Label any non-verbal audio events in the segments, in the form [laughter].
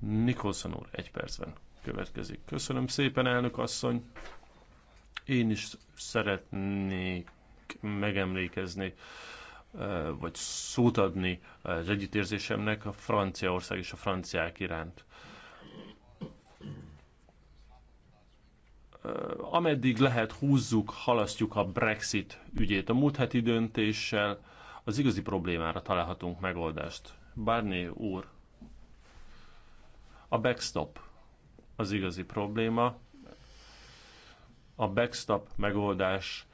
Nikolson úr egy percben következik. Köszönöm szépen, elnök asszony. Én is szeretnék megemlékezni eh, vagy szót adni az együttérzésemnek a Franciaország és a franciák iránt. Eh, ameddig lehet, húzzuk, halasztjuk a Brexit ügyét. A múlt heti döntéssel az igazi problémára találhatunk megoldást. Barné úr a backstop az igazi probléma. A backstop megoldás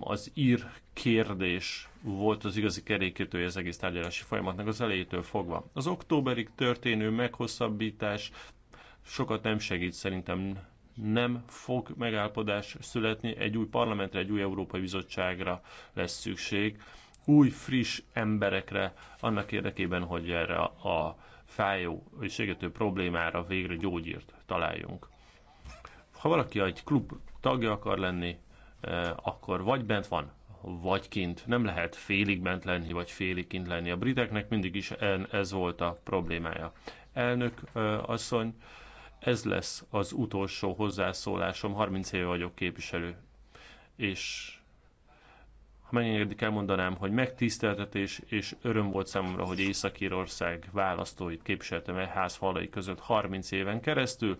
az ír kérdés volt az igazi kerékítője az egész tárgyalási folyamatnak az elejétől fogva. Az októberig történő meghosszabbítás sokat nem segít szerintem nem fog megállapodás születni, egy új parlamentre, egy új Európai Bizottságra lesz szükség, új, friss emberekre annak érdekében, hogy erre a fájó és égető problémára végre gyógyírt találjunk. Ha valaki egy klub tagja akar lenni, eh, akkor vagy bent van, vagy kint. Nem lehet félig bent lenni, vagy félig kint lenni. A briteknek mindig is ez volt a problémája. Elnök eh, asszony, ez lesz az utolsó hozzászólásom, 30 éve vagyok képviselő, és megengedik, elmondanám, hogy megtiszteltetés és öröm volt számomra, hogy Észak-Írország választóit képviseltem e ház falai között 30 éven keresztül.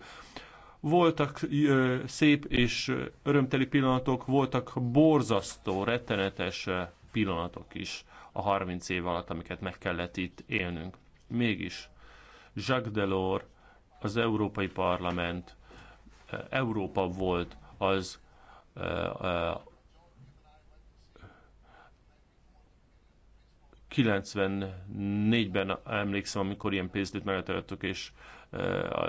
Voltak ö, szép és örömteli pillanatok, voltak borzasztó, rettenetes pillanatok is a 30 év alatt, amiket meg kellett itt élnünk. Mégis Jacques Delors, az Európai Parlament, Európa volt az, 94-ben emlékszem, amikor ilyen pénzt megtaláltuk, és eh,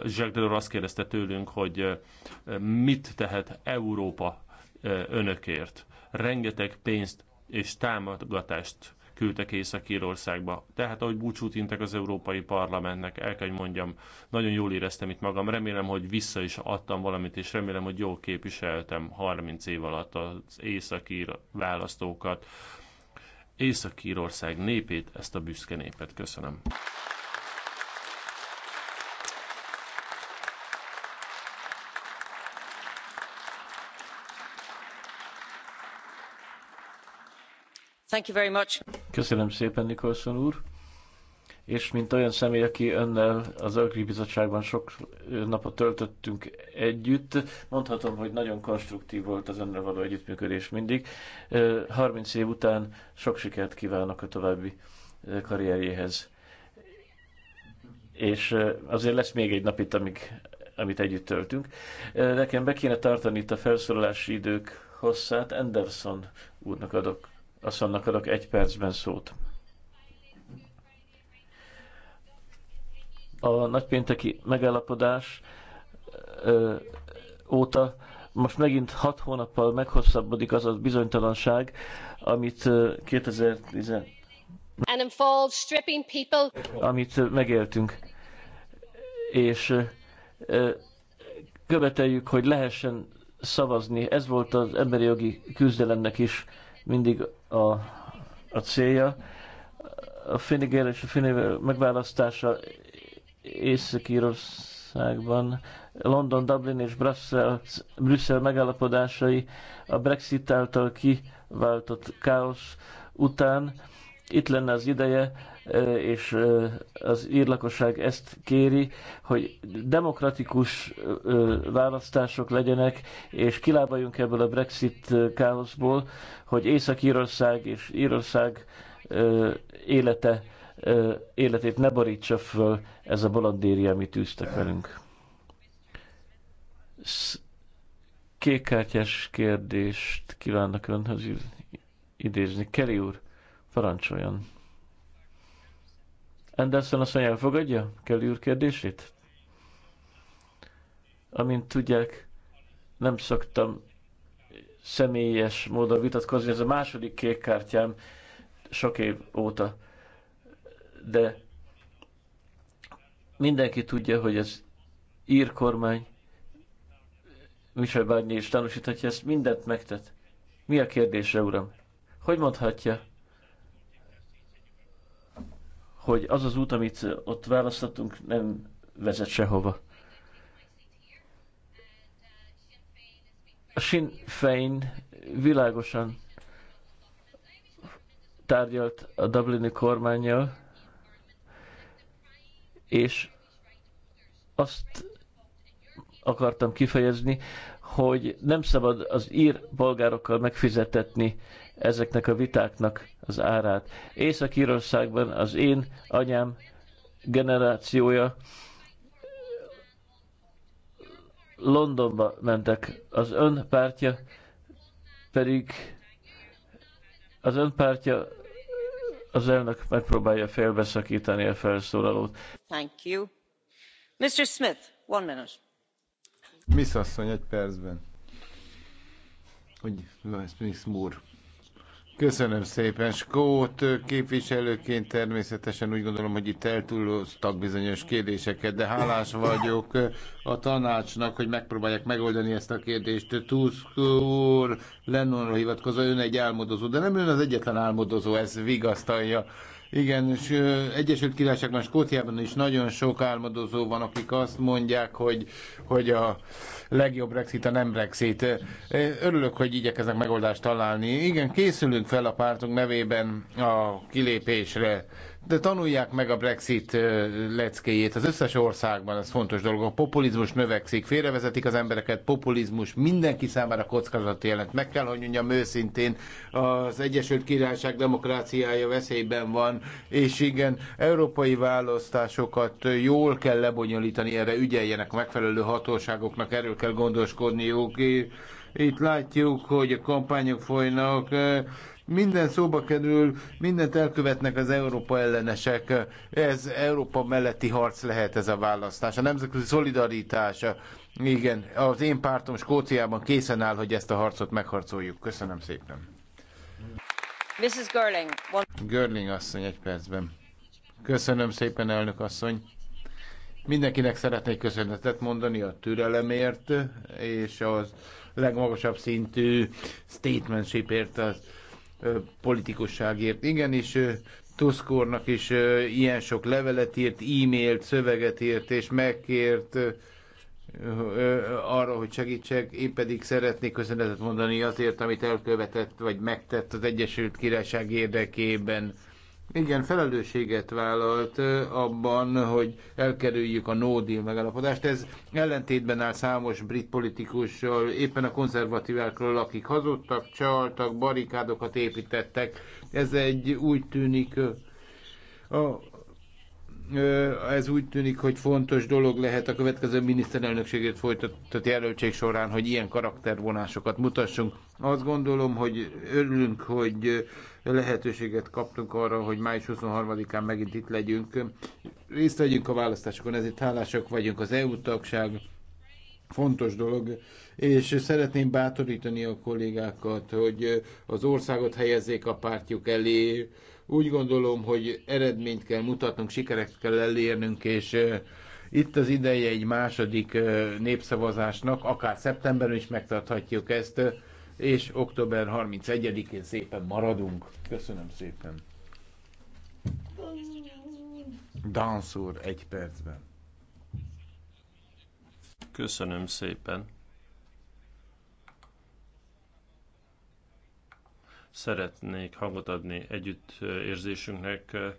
Jacques Delors azt kérdezte tőlünk, hogy eh, mit tehet Európa eh, önökért. Rengeteg pénzt és támogatást küldtek Észak-Írországba. Tehát ahogy búcsút intek az Európai Parlamentnek, el kell, mondjam, nagyon jól éreztem itt magam. Remélem, hogy vissza is adtam valamit, és remélem, hogy jól képviseltem 30 év alatt az északír választókat. Észak-Írország népét, ezt a büszke népet. Köszönöm. Thank you very much. Köszönöm szépen, Nikolson úr és mint olyan személy, aki önnel az Agri Bizottságban sok napot töltöttünk együtt, mondhatom, hogy nagyon konstruktív volt az önnel való együttműködés mindig. 30 év után sok sikert kívánok a további karrierjéhez. És azért lesz még egy nap itt, amíg, amit együtt töltünk. Nekem be kéne tartani itt a felszólalási idők hosszát. Anderson úrnak adok, asszonnak adok egy percben szót. a nagypénteki megállapodás óta most megint hat hónappal meghosszabbodik az a bizonytalanság, amit 2010 And involves stripping people. amit megéltünk. És követeljük, hogy lehessen szavazni. Ez volt az emberi jogi küzdelemnek is mindig a, a célja. A Finnegan és a Finnegan megválasztása Észak-Írországban London, Dublin és Brussels, Brüsszel megállapodásai a Brexit által kiváltott káosz után. Itt lenne az ideje, e, és e, az írlakosság ezt kéri, hogy demokratikus e, választások legyenek, és kilábaljunk ebből a Brexit káoszból, hogy Észak-Írország és Írország élete életét ne borítsa föl ez a bolondéria, amit tűztek velünk. Kékkártyás kérdést kívánnak önhöz idézni. Kelly úr, parancsoljon. Anderson azt mondja, elfogadja Kelly úr kérdését? Amint tudják, nem szoktam személyes módon vitatkozni, ez a második kék kártyám sok év óta de mindenki tudja, hogy az ír kormány, Michel Barnier is tanúsíthatja, ezt mindent megtett. Mi a kérdése uram? Hogy mondhatja, hogy az az út, amit ott választottunk, nem vezet sehova? A Sinn Féin világosan tárgyalt a Dublini kormányjal, és azt akartam kifejezni, hogy nem szabad az ír polgárokkal megfizetetni ezeknek a vitáknak az árát. Észak-Írországban az én anyám generációja Londonba mentek, az ön pártja pedig az ön pártja az elnök megpróbálja félbeszakítani a felszólalót. Thank you. Mr. Smith, one minute. Miss asszony, egy percben. Hogy Smith úr, Köszönöm szépen, Skót képviselőként természetesen úgy gondolom, hogy itt eltúloztak bizonyos kérdéseket, de hálás vagyok a tanácsnak, hogy megpróbálják megoldani ezt a kérdést. Tusk úr Lennonra hivatkozva, ön egy álmodozó, de nem ön az egyetlen álmodozó, ez vigasztalja igen, és Egyesült Királyságban, Skóciában is nagyon sok álmodozó van, akik azt mondják, hogy, hogy a legjobb Brexit a nem Brexit. Örülök, hogy igyekeznek megoldást találni. Igen, készülünk fel a pártunk nevében a kilépésre de tanulják meg a Brexit leckéjét az összes országban, ez fontos dolog. A populizmus növekszik, félrevezetik az embereket, populizmus mindenki számára kockázat jelent. Meg kell, hogy mondjam őszintén, az Egyesült Királyság demokráciája veszélyben van, és igen, európai választásokat jól kell lebonyolítani, erre ügyeljenek a megfelelő hatóságoknak, erről kell gondoskodniuk. Itt látjuk, hogy a kampányok folynak, minden szóba kerül, mindent elkövetnek az Európa ellenesek. Ez Európa melletti harc lehet ez a választás. A nemzetközi szolidaritás, igen, az én pártom Skóciában készen áll, hogy ezt a harcot megharcoljuk. Köszönöm szépen. Mrs. Görling. One... Görling asszony egy percben. Köszönöm szépen, elnök asszony. Mindenkinek szeretnék köszönetet mondani a türelemért és az legmagasabb szintű statementshipért az politikusságért. Igen, és Tusk is ilyen sok levelet írt, e-mailt, szöveget írt, és megkért arra, hogy segítsek. Én pedig szeretnék köszönetet mondani azért, amit elkövetett, vagy megtett az Egyesült Királyság érdekében igen, felelősséget vállalt abban, hogy elkerüljük a no deal megállapodást. Ez ellentétben áll számos brit politikussal, éppen a konzervatívákról, akik hazudtak, csaltak, barikádokat építettek. Ez egy úgy tűnik a, ez úgy tűnik, hogy fontos dolog lehet a következő miniszterelnökségét folytatott jelöltség során, hogy ilyen karaktervonásokat mutassunk. Azt gondolom, hogy örülünk, hogy lehetőséget kaptunk arra, hogy május 23-án megint itt legyünk. Részt vegyünk a választásokon, ezért hálásak vagyunk. Az EU-tagság fontos dolog, és szeretném bátorítani a kollégákat, hogy az országot helyezzék a pártjuk elé, úgy gondolom, hogy eredményt kell mutatnunk, sikereket kell elérnünk, és itt az ideje egy második népszavazásnak, akár szeptemberben is megtarthatjuk ezt, és október 31-én szépen maradunk. Köszönöm szépen. Dansur egy percben. Köszönöm szépen. szeretnék hangot adni együtt érzésünknek eh,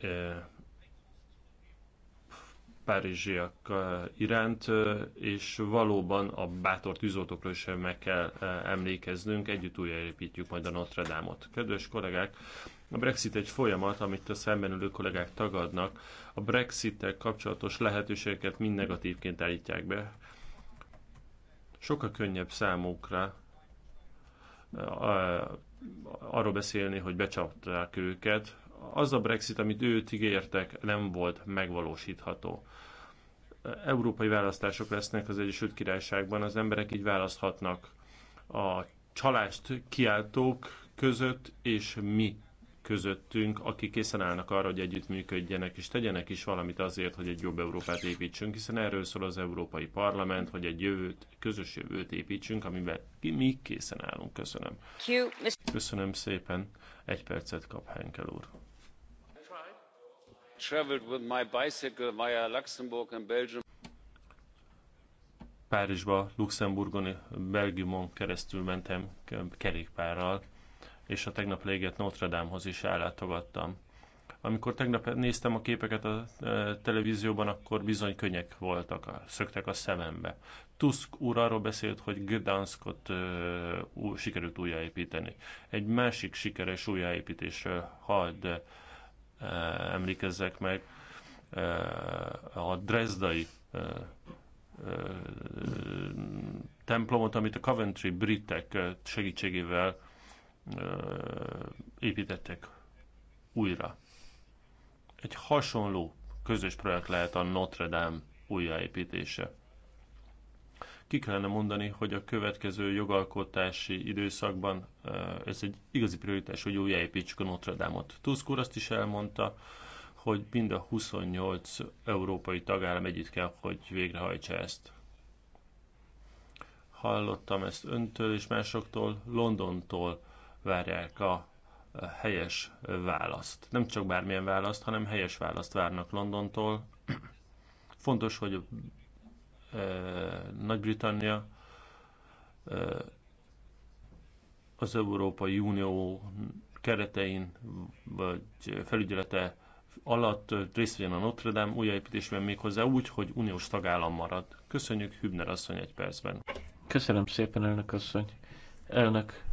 eh, párizsiak iránt, eh, és valóban a bátor tűzoltókról is meg kell emlékeznünk, együtt újraépítjük majd a Notre Dame-ot. Kedves kollégák, a Brexit egy folyamat, amit a szemben ülő kollégák tagadnak. A brexit kapcsolatos lehetőségeket mind negatívként állítják be. Sokkal könnyebb számukra arról beszélni, hogy becsapták őket. Az a Brexit, amit őt ígértek, nem volt megvalósítható. Európai választások lesznek az Egyesült Királyságban, az emberek így választhatnak a csalást kiáltók között, és mi közöttünk, akik készen állnak arra, hogy együttműködjenek és tegyenek is valamit azért, hogy egy jobb Európát építsünk, hiszen erről szól az Európai Parlament, hogy egy jövőt, közös jövőt építsünk, amiben mi készen állunk. Köszönöm. Köszönöm szépen. Egy percet kap Henkel úr. Párizsba, Luxemburgon, Belgiumon keresztül mentem kerékpárral és a tegnap légett Notre Damehoz is ellátogattam. Amikor tegnap néztem a képeket a e, televízióban, akkor bizony könnyek voltak, szöktek a szemembe. Tusk úr arról beszélt, hogy Gdanskot uh, sikerült újjáépíteni. Egy másik sikeres újjáépítésről hadd uh, emlékezzek meg, uh, a Dresdai uh, templomot, amit a Coventry britek segítségével építettek újra. Egy hasonló közös projekt lehet a Notre Dame újjáépítése. Ki kellene mondani, hogy a következő jogalkotási időszakban ez egy igazi prioritás, hogy újjáépítsük a Notre Dame-ot. Tusk úr azt is elmondta, hogy mind a 28 európai tagállam együtt kell, hogy végrehajtsa ezt. Hallottam ezt öntől és másoktól, Londontól, várják a helyes választ. Nem csak bármilyen választ, hanem helyes választ várnak Londontól. [clears throat] Fontos, hogy Nagy-Britannia az Európai Unió keretein vagy felügyelete alatt részt vegyen a Notre Dame újjáépítésben méghozzá úgy, hogy uniós tagállam marad. Köszönjük, Hübner asszony egy percben. Köszönöm szépen, elnök asszony. Elnök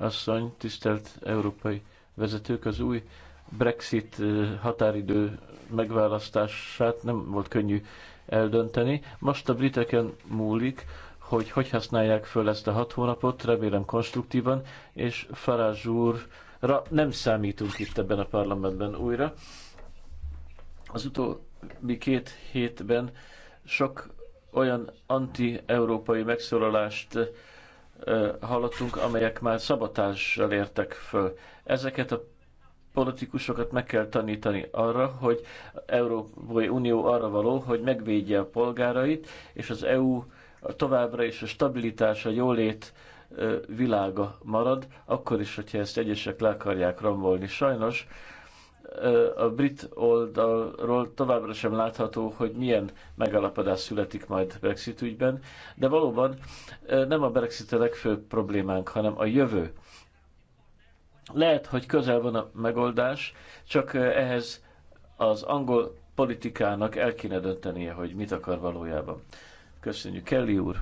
asszony, tisztelt európai vezetők, az új Brexit eh, határidő megválasztását nem volt könnyű eldönteni. Most a briteken múlik, hogy hogy használják föl ezt a hat hónapot, remélem konstruktívan, és Farázs úrra nem számítunk itt ebben a parlamentben újra. Az utóbbi két hétben sok olyan anti-európai megszólalást hallottunk, amelyek már szabotással értek föl. Ezeket a politikusokat meg kell tanítani arra, hogy Európai Unió arra való, hogy megvédje a polgárait, és az EU továbbra is a stabilitás, a jólét világa marad, akkor is, hogyha ezt egyesek le akarják rombolni. Sajnos a brit oldalról továbbra sem látható, hogy milyen megalapodás születik majd Brexit ügyben, de valóban nem a Brexit a legfőbb problémánk, hanem a jövő. Lehet, hogy közel van a megoldás, csak ehhez az angol politikának el kéne döntenie, hogy mit akar valójában. Köszönjük, Kelly úr!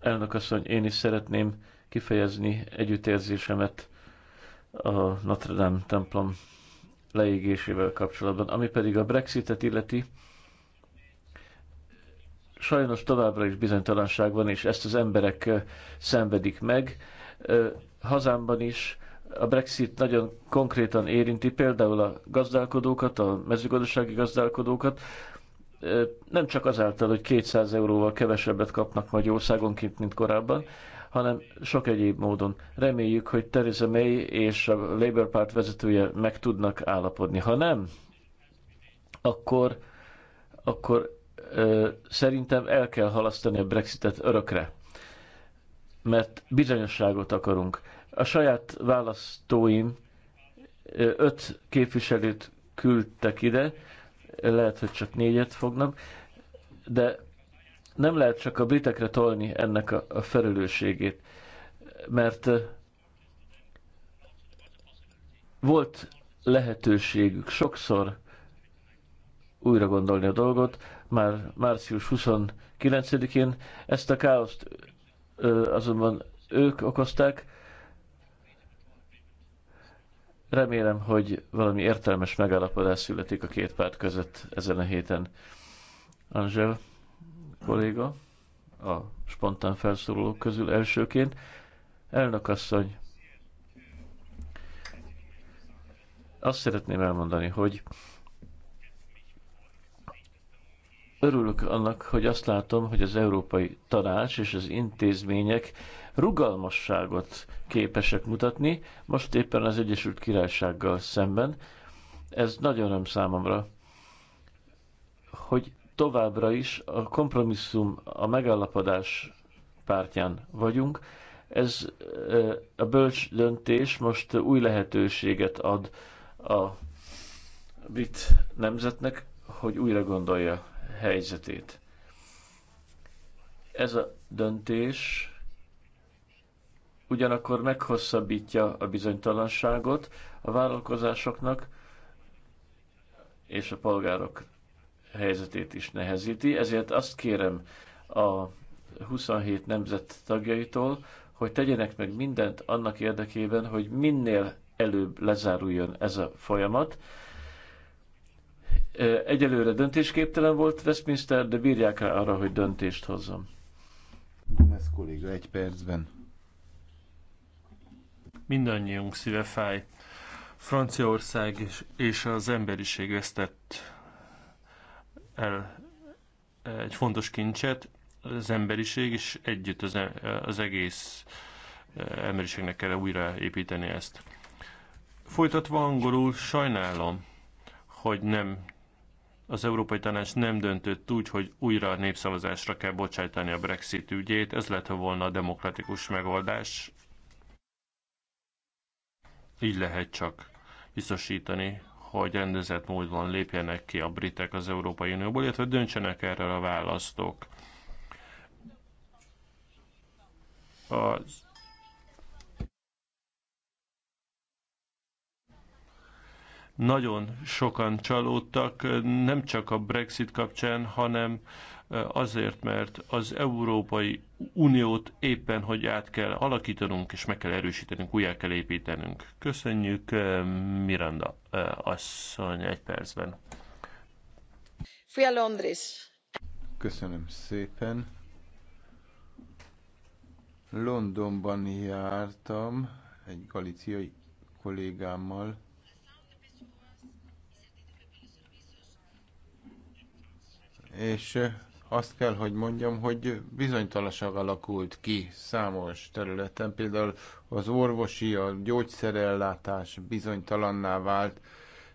Elnök asszony, én is szeretném kifejezni együttérzésemet a Notre Dame templom leégésével kapcsolatban. Ami pedig a Brexitet illeti, sajnos továbbra is bizonytalanság van, és ezt az emberek szenvedik meg. Hazámban is a Brexit nagyon konkrétan érinti például a gazdálkodókat, a mezőgazdasági gazdálkodókat, nem csak azáltal, hogy 200 euróval kevesebbet kapnak majd országonként, mint korábban, hanem sok egyéb módon. Reméljük, hogy Theresa May és a Labour Párt vezetője meg tudnak állapodni. Ha nem, akkor, akkor ö, szerintem el kell halasztani a Brexitet örökre, mert bizonyosságot akarunk. A saját választóim ö, öt képviselőt küldtek ide, lehet, hogy csak négyet fognak, de nem lehet csak a britekre tolni ennek a, a felelősségét, mert volt lehetőségük sokszor újra gondolni a dolgot, már március 29-én ezt a káoszt azonban ők okozták. Remélem, hogy valami értelmes megállapodás születik a két párt között ezen a héten. Angel kolléga a spontán felszólalók közül elsőként. Elnök asszony, azt szeretném elmondani, hogy örülök annak, hogy azt látom, hogy az Európai Tanács és az intézmények rugalmasságot képesek mutatni, most éppen az Egyesült Királysággal szemben. Ez nagyon öröm számomra, hogy továbbra is a kompromisszum, a megállapodás pártján vagyunk. Ez a bölcs döntés most új lehetőséget ad a brit nemzetnek, hogy újra gondolja helyzetét. Ez a döntés ugyanakkor meghosszabbítja a bizonytalanságot a vállalkozásoknak és a polgárok helyzetét is nehezíti, ezért azt kérem a 27 nemzet tagjaitól, hogy tegyenek meg mindent annak érdekében, hogy minél előbb lezáruljon ez a folyamat. Egyelőre döntésképtelen volt Westminster, de bírják rá arra, hogy döntést hozzon. Ez kolléga, egy percben. Mindannyiunk szíve fáj. Franciaország és az emberiség vesztett el eh, egy fontos kincset, az emberiség, és együtt az, e, az egész eh, emberiségnek kell újraépíteni ezt. Folytatva angolul sajnálom, hogy nem az Európai Tanács nem döntött úgy, hogy újra népszavazásra kell bocsájtani a Brexit ügyét, ez lett volna a demokratikus megoldás. Így lehet csak biztosítani, hogy rendezett módon lépjenek ki a britek az Európai Unióból, illetve döntsenek erről a választók. Az nagyon sokan csalódtak, nem csak a Brexit kapcsán, hanem azért, mert az Európai Uniót éppen, hogy át kell alakítanunk, és meg kell erősítenünk, újjá kell építenünk. Köszönjük, Miranda asszony, egy percben. Fia Londres. Köszönöm szépen. Londonban jártam egy galiciai kollégámmal, és azt kell, hogy mondjam, hogy bizonytalanság alakult ki számos területen. Például az orvosi, a gyógyszerellátás bizonytalanná vált,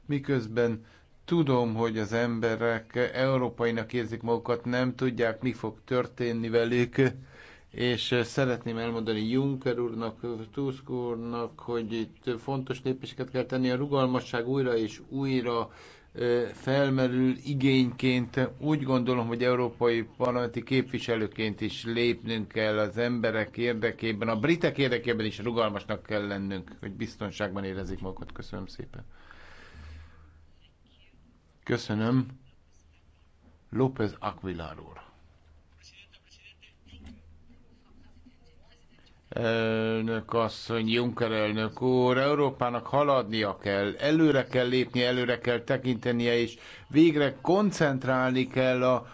miközben tudom, hogy az emberek európainak érzik magukat, nem tudják, mi fog történni velük, és szeretném elmondani Juncker úrnak, Tusk úrnak, hogy itt fontos lépéseket kell tenni, a rugalmasság újra és újra felmerül igényként. Úgy gondolom, hogy európai parlamenti képviselőként is lépnünk kell az emberek érdekében, a britek érdekében is rugalmasnak kell lennünk, hogy biztonságban érezzék magukat. Köszönöm szépen. Köszönöm. López Aquilar úr. Elnök asszony, Juncker elnök úr, Európának haladnia kell, előre kell lépni, előre kell tekintenie, és végre koncentrálni kell a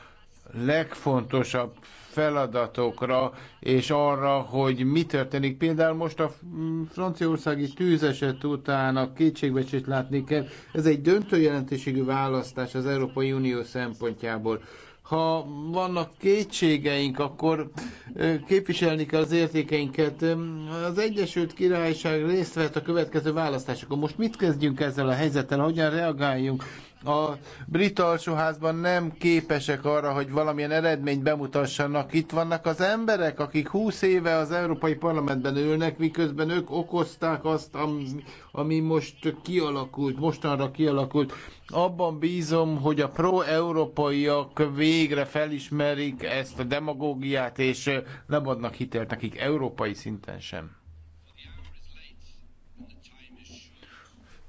legfontosabb feladatokra, és arra, hogy mi történik. Például most a franciaországi tűzeset után a kétségbecsét látni kell. Ez egy döntő jelentőségű választás az Európai Unió szempontjából. Ha vannak kétségeink, akkor képviselni kell az értékeinket. Az Egyesült Királyság részt vett a következő választásokon. Most mit kezdjünk ezzel a helyzettel? Hogyan reagáljunk? A brit alsóházban nem képesek arra, hogy valamilyen eredményt bemutassanak. Itt vannak az emberek, akik 20 éve az Európai Parlamentben ülnek, miközben ők okozták azt, ami most kialakult, mostanra kialakult. Abban bízom, hogy a pro-európaiak végre felismerik ezt a demagógiát, és nem adnak hitelt nekik európai szinten sem.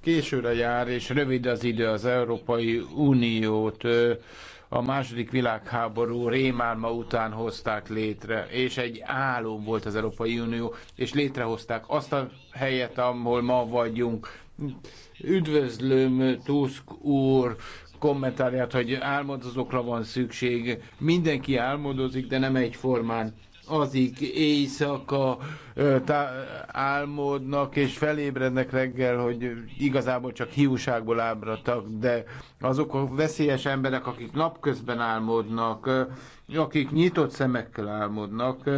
későre jár, és rövid az idő az Európai Uniót a második világháború rémálma után hozták létre, és egy álom volt az Európai Unió, és létrehozták azt a helyet, ahol ma vagyunk. Üdvözlöm Tusk úr kommentárját, hogy álmodozókra van szükség. Mindenki álmodozik, de nem egyformán azik éjszaka álmodnak, és felébrednek reggel, hogy igazából csak hiúságból ábratak, de azok a veszélyes emberek, akik napközben álmodnak, akik nyitott szemekkel álmodnak,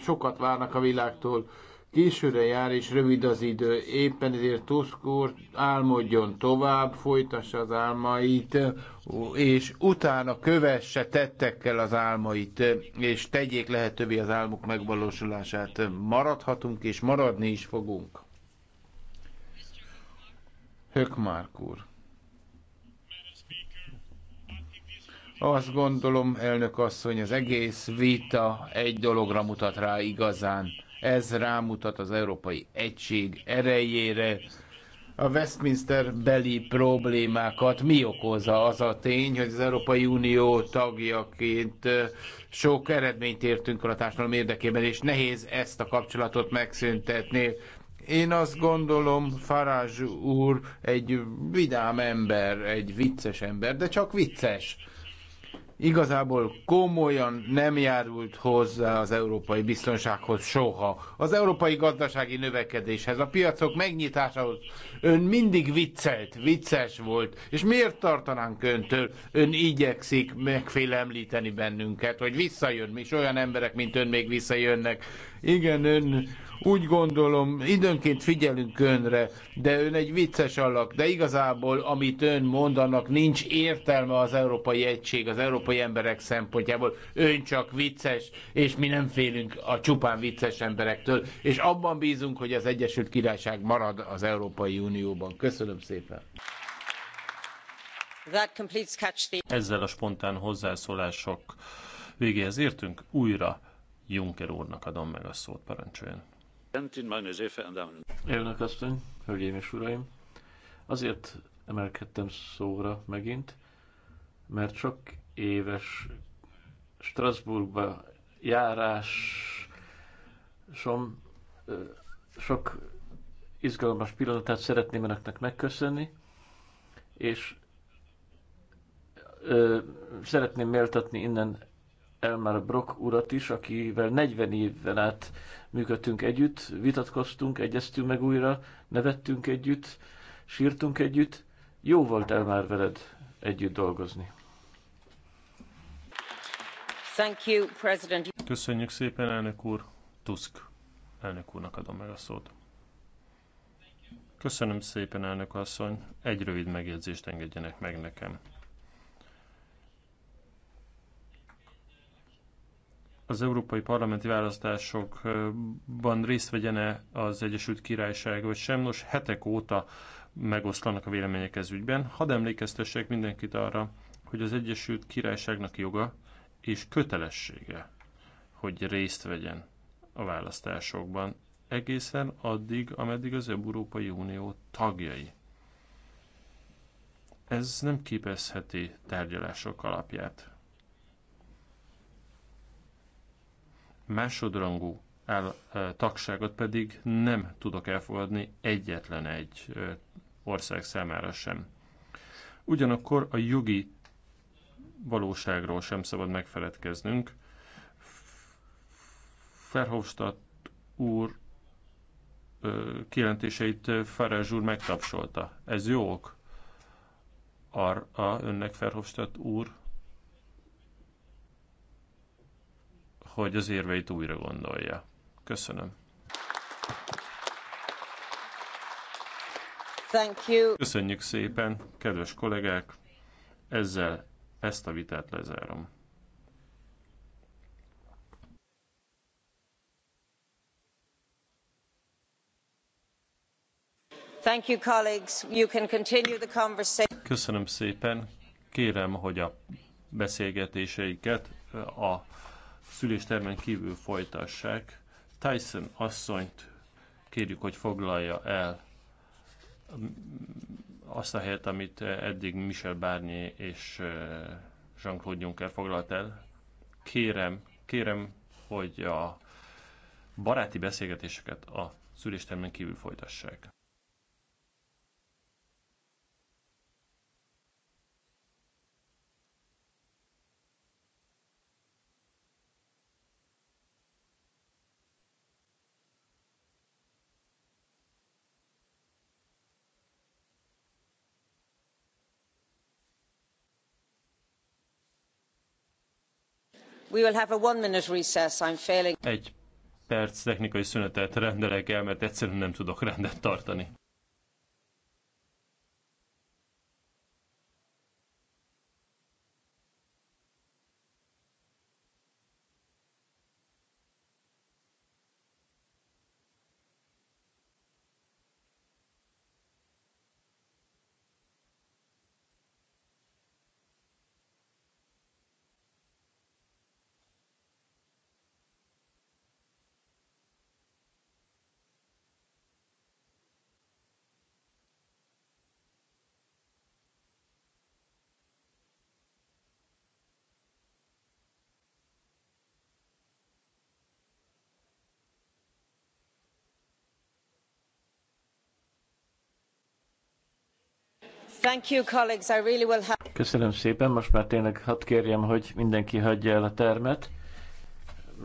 sokat várnak a világtól későre jár és rövid az idő. Éppen ezért Tusk úr álmodjon tovább, folytassa az álmait, és utána kövesse tettekkel az álmait, és tegyék lehetővé az álmuk megvalósulását. Maradhatunk és maradni is fogunk. Hökmárk úr. Azt gondolom, elnök asszony, az egész vita egy dologra mutat rá igazán ez rámutat az európai egység erejére. A Westminster beli problémákat mi okozza az a tény, hogy az Európai Unió tagjaként sok eredményt értünk el a társadalom érdekében, és nehéz ezt a kapcsolatot megszüntetni. Én azt gondolom, Farázs úr egy vidám ember, egy vicces ember, de csak vicces igazából komolyan nem járult hozzá az európai biztonsághoz soha. Az európai gazdasági növekedéshez, a piacok megnyitásához ön mindig viccelt, vicces volt, és miért tartanánk öntől? Ön igyekszik megfélemlíteni bennünket, hogy visszajön, és olyan emberek, mint ön még visszajönnek. Igen, ön úgy gondolom, időnként figyelünk önre, de ön egy vicces alak, de igazából, amit ön mond, annak nincs értelme az európai egység, az európai emberek szempontjából. Ön csak vicces, és mi nem félünk a csupán vicces emberektől, és abban bízunk, hogy az Egyesült Királyság marad az Európai Unióban. Köszönöm szépen! Ezzel a spontán hozzászólások végéhez értünk újra Juncker úrnak adom meg a szót, parancsoljon. Elnök asszony, hölgyeim és uraim, azért emelkedtem szóra megint, mert sok éves Strasbourgba som, sok izgalmas pillanatát szeretném önöknek megköszönni, és ö, szeretném méltatni innen Elmar Brock urat is, akivel 40 évvel át működtünk együtt, vitatkoztunk, egyeztünk meg újra, nevettünk együtt, sírtunk együtt. Jó volt Elmar veled együtt dolgozni. Thank you, President. Köszönjük szépen, elnök úr. Tusk elnök úrnak adom meg a szót. Köszönöm szépen, elnök asszony. Egy rövid megjegyzést engedjenek meg nekem. az európai parlamenti választásokban részt vegyene az Egyesült Királyság, vagy sem. Nos, hetek óta megoszlanak a vélemények ez ügyben. Hadd emlékeztessek mindenkit arra, hogy az Egyesült Királyságnak joga és kötelessége, hogy részt vegyen a választásokban egészen addig, ameddig az Európai Unió tagjai. Ez nem képezheti tárgyalások alapját. másodrangú áll, tagságot pedig nem tudok elfogadni egyetlen egy ország számára sem. Ugyanakkor a jogi valóságról sem szabad megfeledkeznünk. Ferhofstadt úr kijelentéseit Farázs úr megtapsolta. Ez jó ok arra önnek, Ferhofstadt úr, hogy az érveit újra gondolja. Köszönöm. Thank you. Köszönjük szépen, kedves kollégák! Ezzel ezt a vitát lezárom. Thank you, colleagues. You can continue the conversation. Köszönöm szépen. Kérem, hogy a beszélgetéseiket a szüléstermen kívül folytassák. Tyson asszonyt kérjük, hogy foglalja el azt a helyet, amit eddig Michel Barnier és Jean-Claude Juncker foglalt el. Kérem, kérem, hogy a baráti beszélgetéseket a szüléstermen kívül folytassák. Egy perc technikai szünetet rendelek el, mert egyszerűen nem tudok rendet tartani. Köszönöm szépen, most már tényleg hadd kérjem, hogy mindenki hagyja el a termet.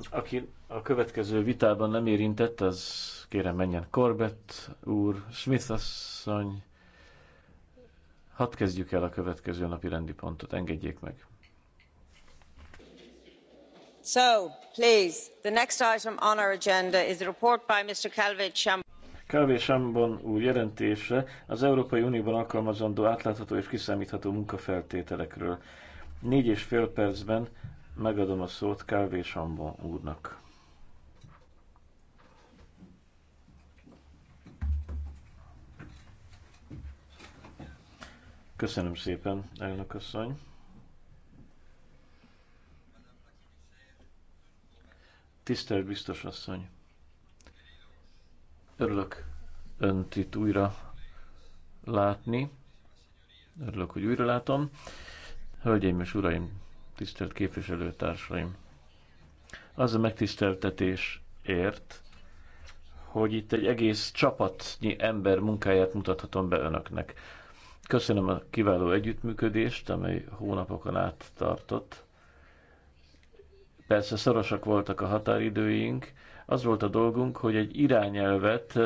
Aki a következő vitában nem érintett, az kérem menjen Corbett úr, Smith asszony. Hadd kezdjük el a következő napi rendi pontot, engedjék meg. So, please, the next item on our agenda is the report by Mr. Calvet Chambon. Kávé Sambon úr jelentése az Európai Unióban alkalmazandó átlátható és kiszámítható munkafeltételekről. Négy és fél percben megadom a szót Kávé Sambon úrnak. Köszönöm szépen, elnök asszony. Tisztelt biztos asszony! Örülök önt itt újra látni. Örülök, hogy újra látom. Hölgyeim és uraim, tisztelt képviselőtársaim! Az a megtiszteltetés ért, hogy itt egy egész csapatnyi ember munkáját mutathatom be önöknek. Köszönöm a kiváló együttműködést, amely hónapokon át tartott. Persze szorosak voltak a határidőink, az volt a dolgunk, hogy egy irányelvet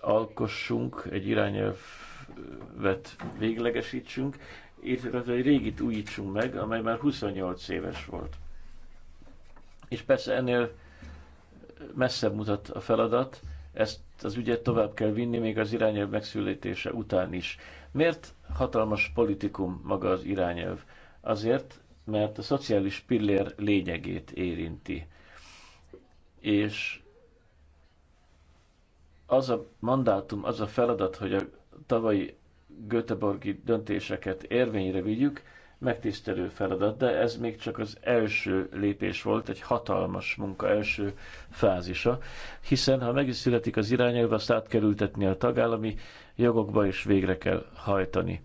alkossunk, egy irányelvet véglegesítsünk, és az egy régit újítsunk meg, amely már 28 éves volt. És persze ennél messzebb mutat a feladat, ezt az ügyet tovább kell vinni, még az irányelv megszületése után is. Miért hatalmas politikum maga az irányelv? Azért, mert a szociális pillér lényegét érinti és az a mandátum, az a feladat, hogy a tavalyi Göteborgi döntéseket érvényre vigyük, megtisztelő feladat, de ez még csak az első lépés volt, egy hatalmas munka első fázisa, hiszen ha meg is születik az irányelv, azt át kell ültetni a tagállami jogokba és végre kell hajtani.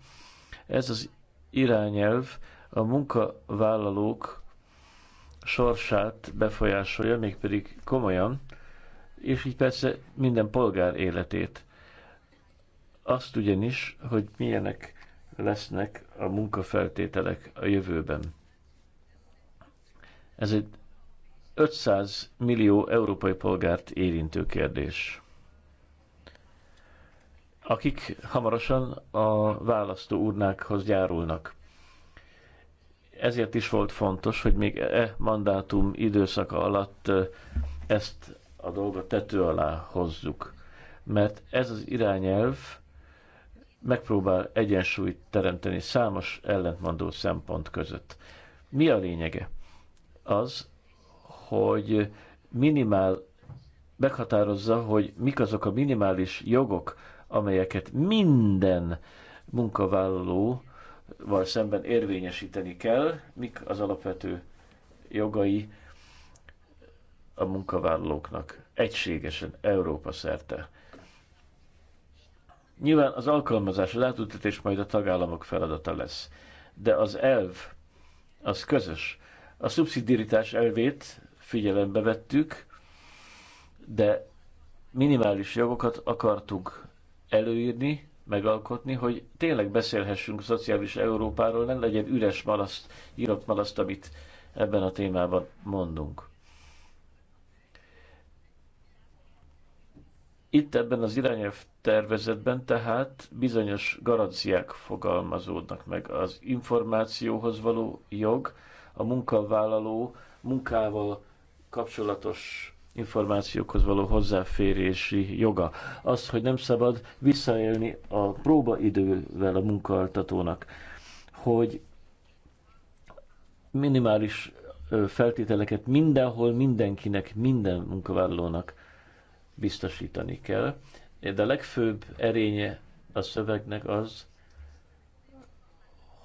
Ez az irányelv a munkavállalók sorsát befolyásolja, mégpedig komolyan, és így persze minden polgár életét. Azt ugyanis, hogy milyenek lesznek a munkafeltételek a jövőben. Ez egy 500 millió európai polgárt érintő kérdés, akik hamarosan a választóurnákhoz járulnak. Ezért is volt fontos, hogy még e mandátum időszaka alatt ezt a dolgot tető alá hozzuk. Mert ez az irányelv megpróbál egyensúlyt teremteni számos ellentmondó szempont között. Mi a lényege? Az, hogy minimál meghatározza, hogy mik azok a minimális jogok, amelyeket minden munkavállaló val szemben érvényesíteni kell, mik az alapvető jogai a munkavállalóknak egységesen Európa szerte. Nyilván az alkalmazás, az átültetés majd a tagállamok feladata lesz, de az elv az közös. A szubszidiritás elvét figyelembe vettük, de minimális jogokat akartunk előírni, megalkotni, hogy tényleg beszélhessünk szociális Európáról, ne legyen üres malaszt, írott malaszt, amit ebben a témában mondunk. Itt ebben az irányelv tervezetben tehát bizonyos garanciák fogalmazódnak meg. Az információhoz való jog, a munkavállaló munkával kapcsolatos információkhoz való hozzáférési joga. Az, hogy nem szabad visszaélni a próbaidővel a munkaltatónak, hogy minimális feltételeket mindenhol mindenkinek, minden munkavállalónak biztosítani kell. De a legfőbb erénye a szövegnek az,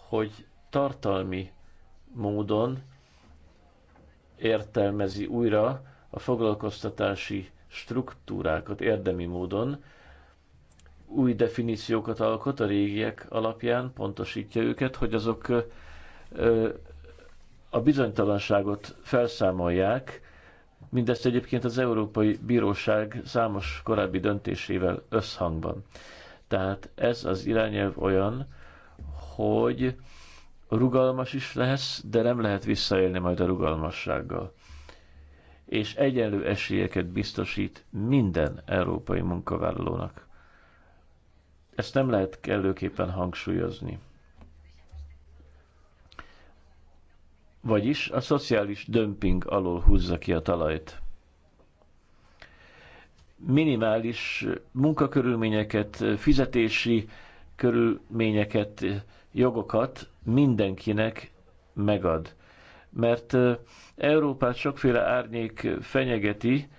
hogy tartalmi módon értelmezi újra a foglalkoztatási struktúrákat érdemi módon, új definíciókat alkot a régiek alapján, pontosítja őket, hogy azok a bizonytalanságot felszámolják, mindezt egyébként az Európai Bíróság számos korábbi döntésével összhangban. Tehát ez az irányelv olyan, hogy rugalmas is lesz, de nem lehet visszaélni majd a rugalmassággal és egyenlő esélyeket biztosít minden európai munkavállalónak. Ezt nem lehet kellőképpen hangsúlyozni. Vagyis a szociális dömping alól húzza ki a talajt. Minimális munkakörülményeket, fizetési körülményeket, jogokat mindenkinek megad. Mert Európát sokféle árnyék fenyegeti,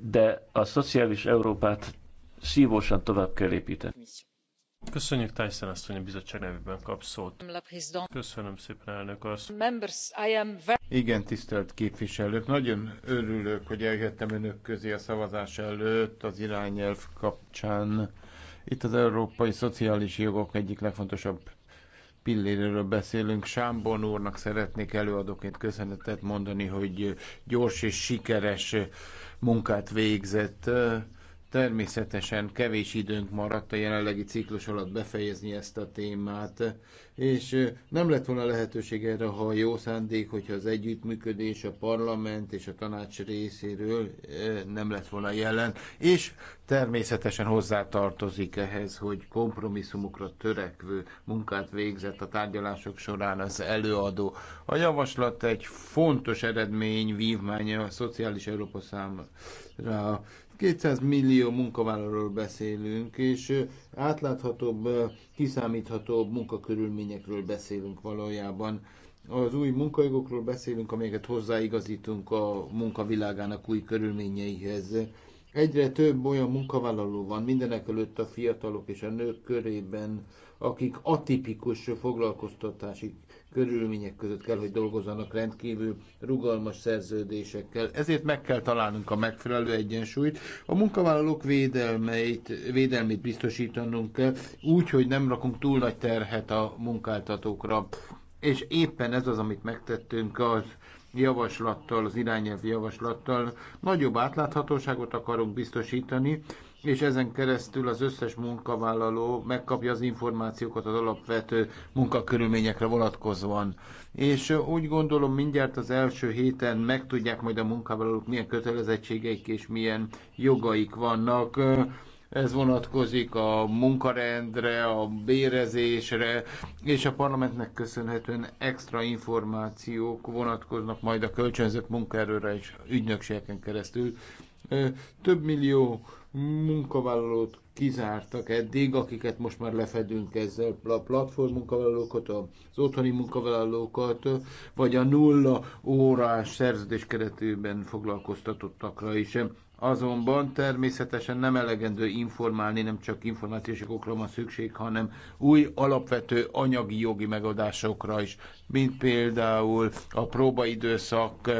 de a szociális Európát szívósan tovább kell építeni. Köszönjük Tyson asszony a bizottság nevében kap szót. Köszönöm szépen, elnök asszony. Igen, tisztelt képviselők, nagyon örülök, hogy eljöttem önök közé a szavazás előtt az irányelv kapcsán. Itt az európai szociális jogok egyik legfontosabb pilléről beszélünk. Sámbon úrnak szeretnék előadóként köszönetet mondani, hogy gyors és sikeres munkát végzett. Természetesen kevés időnk maradt a jelenlegi ciklus alatt befejezni ezt a témát, és nem lett volna lehetőség erre, ha jó szándék, hogyha az együttműködés a parlament és a tanács részéről nem lett volna jelen, és természetesen hozzátartozik ehhez, hogy kompromisszumokra törekvő munkát végzett a tárgyalások során az előadó. A javaslat egy fontos eredmény, vívmánya a szociális Európa számára. 200 millió munkavállalóról beszélünk, és átláthatóbb, kiszámíthatóbb munkakörülményekről beszélünk valójában. Az új munkajogokról beszélünk, amelyeket hozzáigazítunk a munkavilágának új körülményeihez. Egyre több olyan munkavállaló van, mindenek előtt a fiatalok és a nők körében, akik atipikus foglalkoztatási körülmények között kell, hogy dolgozzanak rendkívül rugalmas szerződésekkel. Ezért meg kell találnunk a megfelelő egyensúlyt. A munkavállalók védelmeit, védelmét biztosítanunk kell, úgy, hogy nem rakunk túl nagy terhet a munkáltatókra. És éppen ez az, amit megtettünk az javaslattal, az irányelv javaslattal. Nagyobb átláthatóságot akarunk biztosítani, és ezen keresztül az összes munkavállaló megkapja az információkat az alapvető munkakörülményekre vonatkozóan. És úgy gondolom, mindjárt az első héten megtudják majd a munkavállalók, milyen kötelezettségeik és milyen jogaik vannak. Ez vonatkozik a munkarendre, a bérezésre, és a parlamentnek köszönhetően extra információk vonatkoznak majd a kölcsönzött munkaerőre és ügynökségeken keresztül. Több millió munkavállalót kizártak eddig, akiket most már lefedünk ezzel, a platform munkavállalókat, az otthoni munkavállalókat, vagy a nulla órás szerződés keretében foglalkoztatottakra is. Azonban természetesen nem elegendő informálni, nem csak információs okra van szükség, hanem új alapvető anyagi jogi megoldásokra is, mint például a próbaidőszak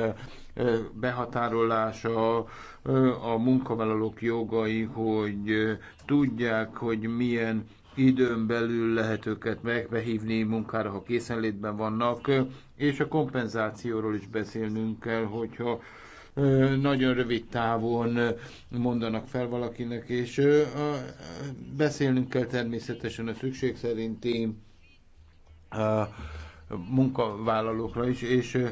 behatárolása, a munkavállalók jogai, hogy tudják, hogy milyen időn belül lehet őket megbehívni munkára, ha készenlétben vannak, és a kompenzációról is beszélnünk kell, hogyha nagyon rövid távon mondanak fel valakinek, és beszélnünk kell természetesen a szükség szerinti munkavállalókra is, és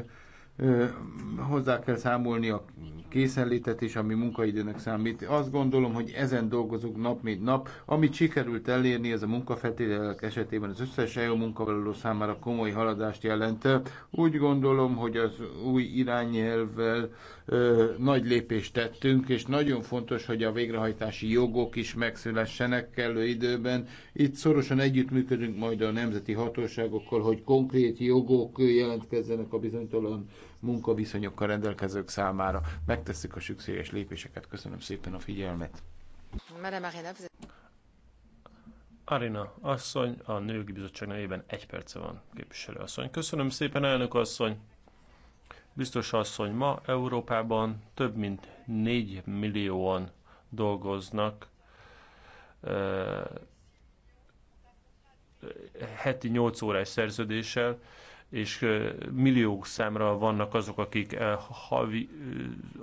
hozzá kell számolni a készenlétet is, ami munkaidőnek számít. Azt gondolom, hogy ezen dolgozunk nap, mint nap. Amit sikerült elérni, ez a munkafeltételek esetében az összes EU munkavállaló számára komoly haladást jelent. Úgy gondolom, hogy az új irányelvvel ö, nagy lépést tettünk, és nagyon fontos, hogy a végrehajtási jogok is megszülessenek kellő időben. Itt szorosan együttműködünk majd a nemzeti hatóságokkal, hogy konkrét jogok jelentkezzenek a bizonytalan munkaviszonyokkal rendelkezők számára. Megtesszük a szükséges lépéseket. Köszönöm szépen a figyelmet. Madame Arena, Arina asszony, a Nőgi Bizottság nevében egy perce van, képviselő asszony. Köszönöm szépen, elnök asszony! Biztos asszony, ma Európában több mint 4 millióan dolgoznak heti 8 órás szerződéssel, és milliók számra vannak azok, akik havi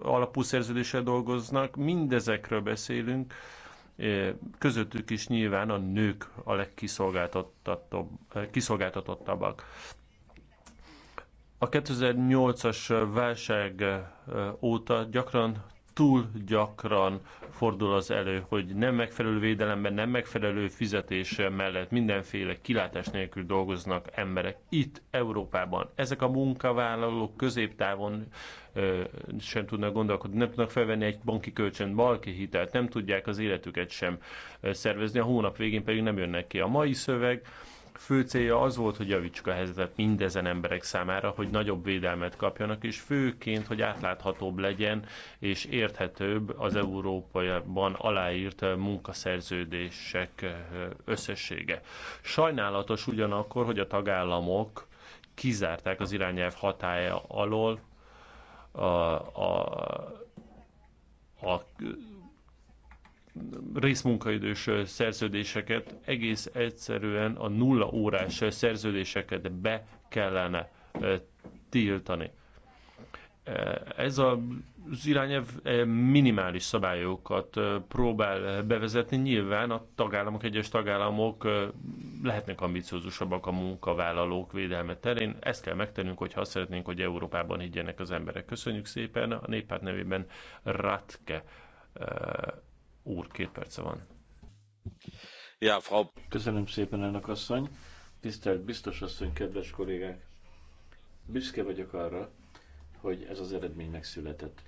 alapú szerződéssel dolgoznak. Mindezekről beszélünk, közöttük is nyilván a nők a legkiszolgáltatottabbak. A 2008-as válság óta gyakran túl gyakran fordul az elő, hogy nem megfelelő védelemben, nem megfelelő fizetés mellett mindenféle kilátás nélkül dolgoznak emberek itt Európában. Ezek a munkavállalók középtávon ö, sem tudnak gondolkodni, nem tudnak felvenni egy banki kölcsön, balki hitelt, nem tudják az életüket sem szervezni, a hónap végén pedig nem jönnek ki. A mai szöveg fő célja az volt, hogy javítsuk a helyzetet mindezen emberek számára, hogy nagyobb védelmet kapjanak, és főként, hogy átláthatóbb legyen és érthetőbb az Európaiban aláírt munkaszerződések összessége. Sajnálatos ugyanakkor, hogy a tagállamok kizárták az irányelv hatája alól a, a, a részmunkaidős szerződéseket egész egyszerűen a nulla órás szerződéseket be kellene tiltani. Ez az irányelv minimális szabályokat próbál bevezetni. Nyilván a tagállamok, egyes tagállamok lehetnek ambiciózusabbak a munkavállalók védelme terén. Ezt kell megtennünk, hogyha azt szeretnénk, hogy Európában higgyenek az emberek. Köszönjük szépen a néppárt nevében Ratke úr, két perce van. Ja, Frau. Köszönöm szépen, elnök asszony. Tisztelt biztos asszony, kedves kollégák. Büszke vagyok arra, hogy ez az eredmény megszületett.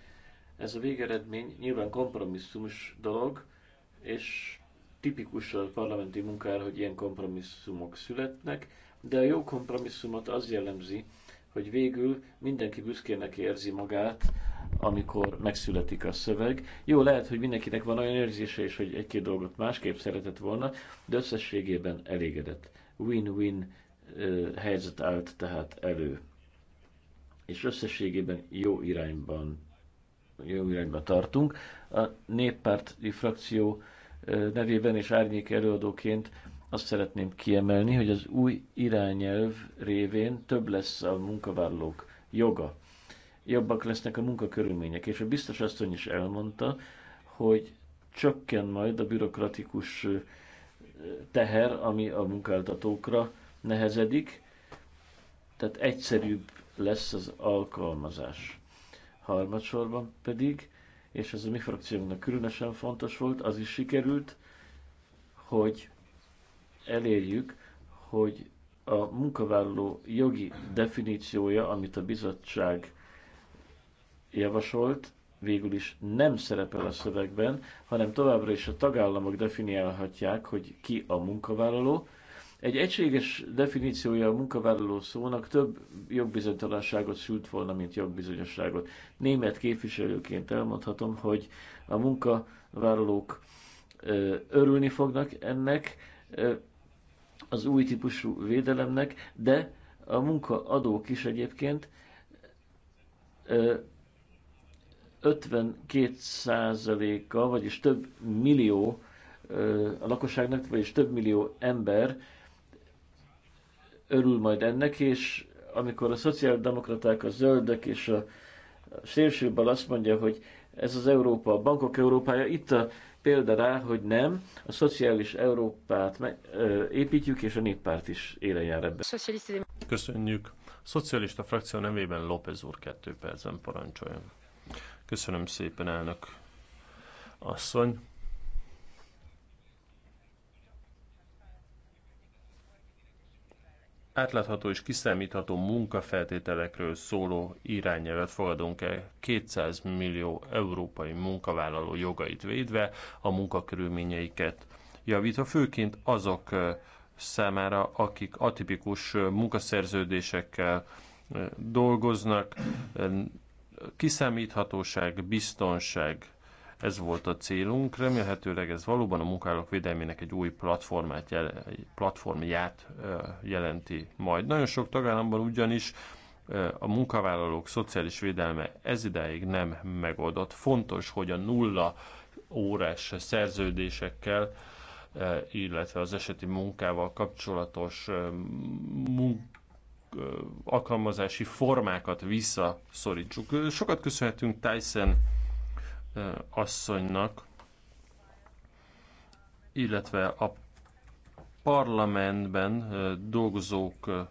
Ez a végeredmény nyilván kompromisszumos dolog, és tipikus a parlamenti munkára, hogy ilyen kompromisszumok születnek, de a jó kompromisszumot az jellemzi, hogy végül mindenki büszkének érzi magát, amikor megszületik a szöveg. Jó, lehet, hogy mindenkinek van olyan érzése is, hogy egy-két dolgot másképp szeretett volna, de összességében elégedett. Win-win helyzet állt tehát elő. És összességében jó irányban jó irányba tartunk. A néppárti frakció nevében és árnyék előadóként azt szeretném kiemelni, hogy az új irányelv révén több lesz a munkavállalók joga, jobbak lesznek a munkakörülmények, és a biztos asszony is elmondta, hogy csökken majd a bürokratikus teher, ami a munkáltatókra nehezedik, tehát egyszerűbb lesz az alkalmazás. Harmadsorban pedig, és ez a mi frakciónknak különösen fontos volt, az is sikerült, hogy elérjük, hogy a munkavállaló jogi definíciója, amit a bizottság javasolt, végül is nem szerepel a szövegben, hanem továbbra is a tagállamok definiálhatják, hogy ki a munkavállaló. Egy egységes definíciója a munkavállaló szónak több jogbizonytalanságot szült volna, mint jogbizonyosságot. Német képviselőként elmondhatom, hogy a munkavállalók örülni fognak ennek, az új típusú védelemnek, de a munkaadók is egyébként 52%-a, vagyis több millió a lakosságnak, vagyis több millió ember örül majd ennek, és amikor a szociáldemokraták, a zöldek és a, a azt mondja, hogy ez az Európa, a bankok Európája, itt a példa rá, hogy nem, a szociális Európát meg, ö, építjük, és a néppárt is élen jár ebben. Köszönjük. Szocialista frakció nevében López úr kettő percen parancsoljon. Köszönöm szépen, elnök asszony. átlátható és kiszámítható munkafeltételekről szóló irányelvet fogadunk el 200 millió európai munkavállaló jogait védve, a munkakörülményeiket javítva, főként azok számára, akik atipikus munkaszerződésekkel dolgoznak, kiszámíthatóság, biztonság, ez volt a célunk, remélhetőleg ez valóban a munkálók védelmének egy új platformát, jel, platformját jelenti majd. Nagyon sok tagállamban ugyanis a munkavállalók szociális védelme ez ideig nem megoldott. Fontos, hogy a nulla órás szerződésekkel, illetve az eseti munkával kapcsolatos munk alkalmazási formákat visszaszorítsuk. Sokat köszönhetünk Tyson asszonynak, illetve a parlamentben dolgozók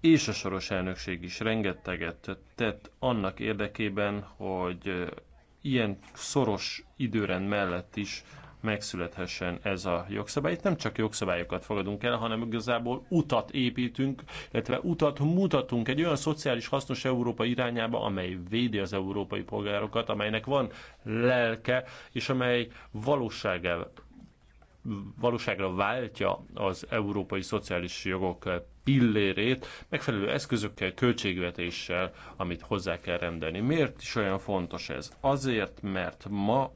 és a soros elnökség is rengeteget tett annak érdekében, hogy ilyen szoros időrend mellett is megszülethessen ez a jogszabály. Itt nem csak jogszabályokat fogadunk el, hanem igazából utat építünk, illetve utat mutatunk egy olyan szociális hasznos Európa irányába, amely védi az európai polgárokat, amelynek van lelke, és amely valóságával valóságra váltja az európai szociális jogok pillérét megfelelő eszközökkel, költségvetéssel, amit hozzá kell rendelni. Miért is olyan fontos ez? Azért, mert ma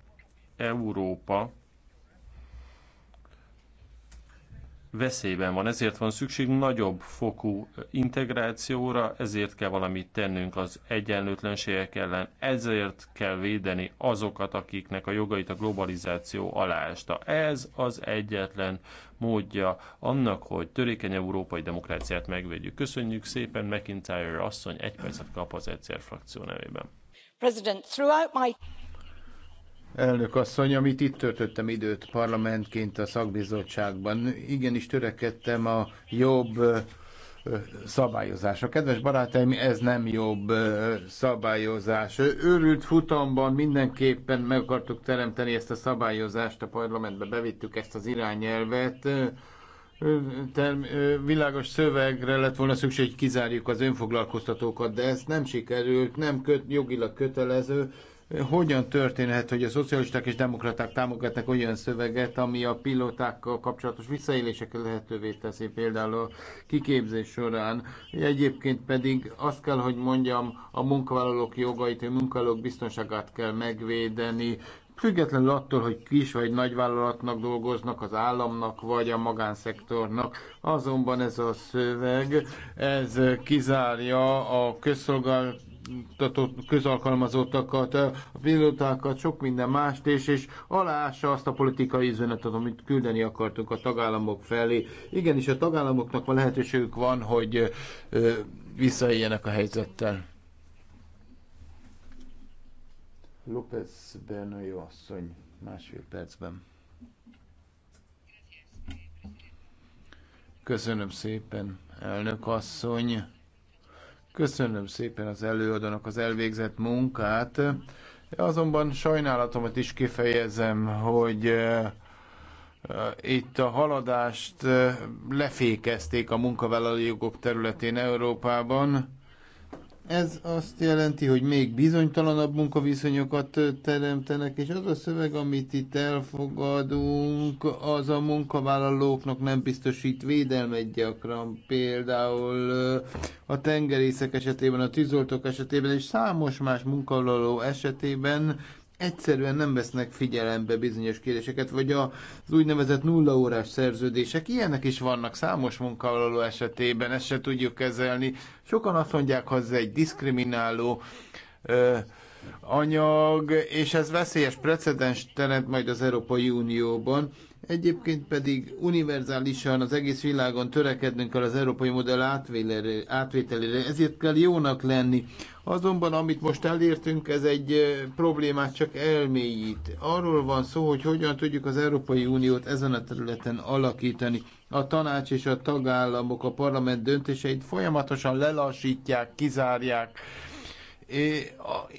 Európa veszélyben van. Ezért van szükség nagyobb fokú integrációra, ezért kell valamit tennünk az egyenlőtlenségek ellen, ezért kell védeni azokat, akiknek a jogait a globalizáció aláásta. Ez az egyetlen módja annak, hogy törékeny európai demokráciát megvédjük. Köszönjük szépen, McIntyre asszony egy percet kap az egyszer frakció nevében. President, throughout my elnök asszony, amit itt töltöttem időt parlamentként a szakbizottságban. Igenis törekedtem a jobb szabályozásra. Kedves barátaim, ez nem jobb szabályozás. Őrült futamban mindenképpen meg akartuk teremteni ezt a szabályozást, a parlamentbe bevittük ezt az irányelvet. Term, világos szövegre lett volna szükség, hogy kizárjuk az önfoglalkoztatókat, de ez nem sikerült, nem köt, jogilag kötelező, hogyan történhet, hogy a szocialisták és demokraták támogatnak olyan szöveget, ami a pilotákkal kapcsolatos visszaéléseket lehetővé teszi például a kiképzés során. Egyébként pedig azt kell, hogy mondjam, a munkavállalók jogait, a munkavállalók biztonságát kell megvédeni, függetlenül attól, hogy kis vagy nagy vállalatnak dolgoznak, az államnak vagy a magánszektornak. Azonban ez a szöveg, ez kizárja a közszolgálat a közalkalmazottakat, a pilotákat, sok minden mást, és, és aláássa azt a politikai üzenetet, amit küldeni akartunk a tagállamok felé. Igenis, a tagállamoknak a lehetőségük van, hogy visszaéljenek a helyzettel. López Bernolyo asszony, másfél percben. Köszönöm szépen, elnök asszony Köszönöm szépen az előadónak az elvégzett munkát. Azonban sajnálatomat is kifejezem, hogy eh, eh, itt a haladást eh, lefékezték a munkavállalói jogok területén Európában ez azt jelenti, hogy még bizonytalanabb munkaviszonyokat teremtenek, és az a szöveg, amit itt elfogadunk, az a munkavállalóknak nem biztosít védelmet gyakran, például a tengerészek esetében, a tűzoltók esetében, és számos más munkavállaló esetében egyszerűen nem vesznek figyelembe bizonyos kérdéseket, vagy az úgynevezett nullaórás szerződések, ilyenek is vannak számos munkavállaló esetében, ezt se tudjuk kezelni. Sokan azt mondják hogy ez egy diszkrimináló ö, anyag, és ez veszélyes precedens teremt majd az Európai Unióban. Egyébként pedig univerzálisan az egész világon törekednünk kell az európai modell átvételére, ezért kell jónak lenni. Azonban, amit most elértünk, ez egy problémát csak elmélyít. Arról van szó, hogy hogyan tudjuk az Európai Uniót ezen a területen alakítani. A tanács és a tagállamok a parlament döntéseit folyamatosan lelassítják, kizárják,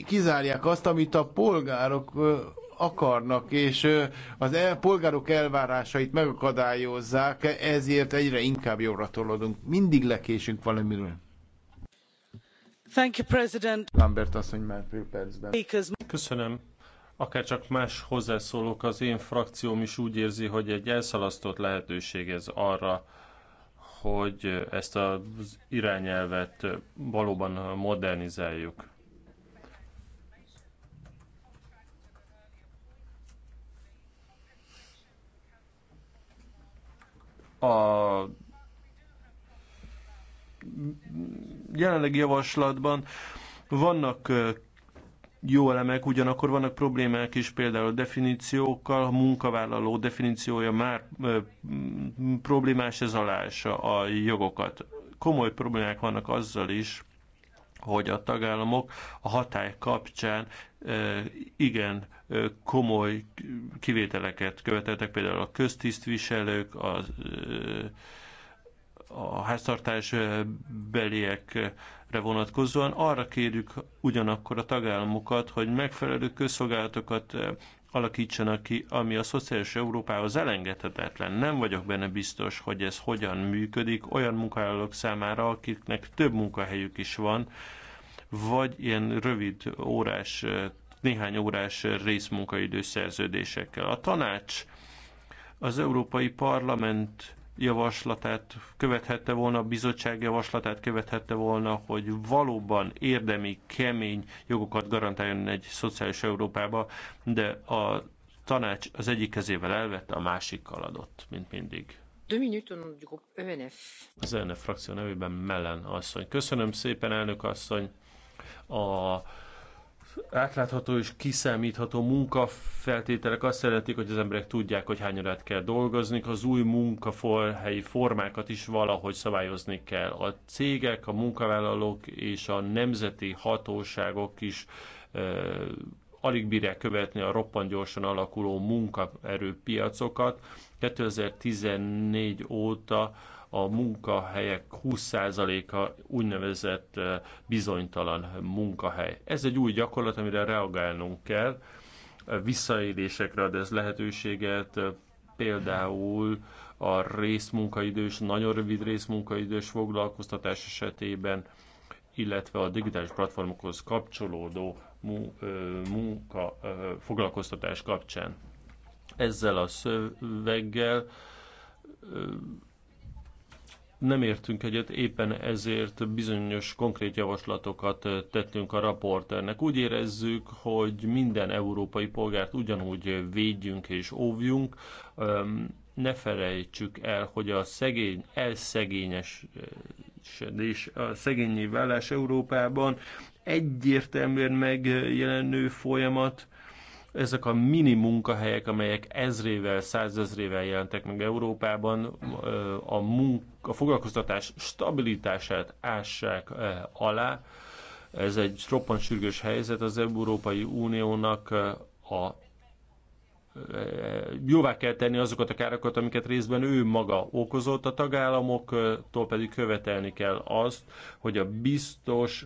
kizárják azt, amit a polgárok akarnak, és az el, polgárok elvárásait megakadályozzák, ezért egyre inkább jobbra tolódunk. Mindig lekésünk valamiről. Thank you, President. Lambert asszony már percben. Köszönöm. Akár csak más hozzászólók, az én frakcióm is úgy érzi, hogy egy elszalasztott lehetőség ez arra, hogy ezt az irányelvet valóban modernizáljuk. A jelenlegi javaslatban vannak jó elemek, ugyanakkor vannak problémák is, például a definíciókkal, a munkavállaló definíciója már ö, problémás, ez alása a jogokat. Komoly problémák vannak azzal is, hogy a tagállamok a hatály kapcsán igen komoly kivételeket követeltek, például a köztisztviselők, a, a háztartás beliekre vonatkozóan. Arra kérjük ugyanakkor a tagállamokat, hogy megfelelő közszolgálatokat alakítsanak ki, ami a szociális Európához elengedhetetlen. Nem vagyok benne biztos, hogy ez hogyan működik olyan munkahelyek számára, akiknek több munkahelyük is van, vagy ilyen rövid órás, néhány órás részmunkaidő szerződésekkel. A tanács az Európai Parlament javaslatát követhette volna, a bizottság javaslatát követhette volna, hogy valóban érdemi, kemény jogokat garantáljon egy szociális Európába, de a tanács az egyik kezével elvette, a másikkal adott, mint mindig. E az ENF frakció nevében Mellen asszony. Köszönöm szépen, elnök asszony a átlátható és kiszámítható munkafeltételek azt szeretik, hogy az emberek tudják, hogy hány órát kell dolgozni, az új munkahelyi formákat is valahogy szabályozni kell. A cégek, a munkavállalók és a nemzeti hatóságok is e, alig bírják követni a roppant gyorsan alakuló munkaerőpiacokat. 2014 óta a munkahelyek 20%-a úgynevezett bizonytalan munkahely. Ez egy új gyakorlat, amire reagálnunk kell, visszaélésekre ad ez lehetőséget, például a részmunkaidős, nagyon rövid részmunkaidős foglalkoztatás esetében, illetve a digitális platformokhoz kapcsolódó munka foglalkoztatás kapcsán. Ezzel a szöveggel nem értünk egyet, éppen ezért bizonyos konkrét javaslatokat tettünk a raporternek. Úgy érezzük, hogy minden európai polgárt ugyanúgy védjünk és óvjunk, ne felejtsük el, hogy a szegény elszegényesedés, a szegényi vállás Európában egyértelműen megjelenő folyamat, ezek a mini munkahelyek, amelyek ezrével, százezrével jelentek meg Európában, a, munka, a foglalkoztatás stabilitását ássák alá. Ez egy roppant sürgős helyzet az Európai Uniónak a jóvá kell tenni azokat a károkat, amiket részben ő maga okozott, a tagállamoktól pedig követelni kell azt, hogy a biztos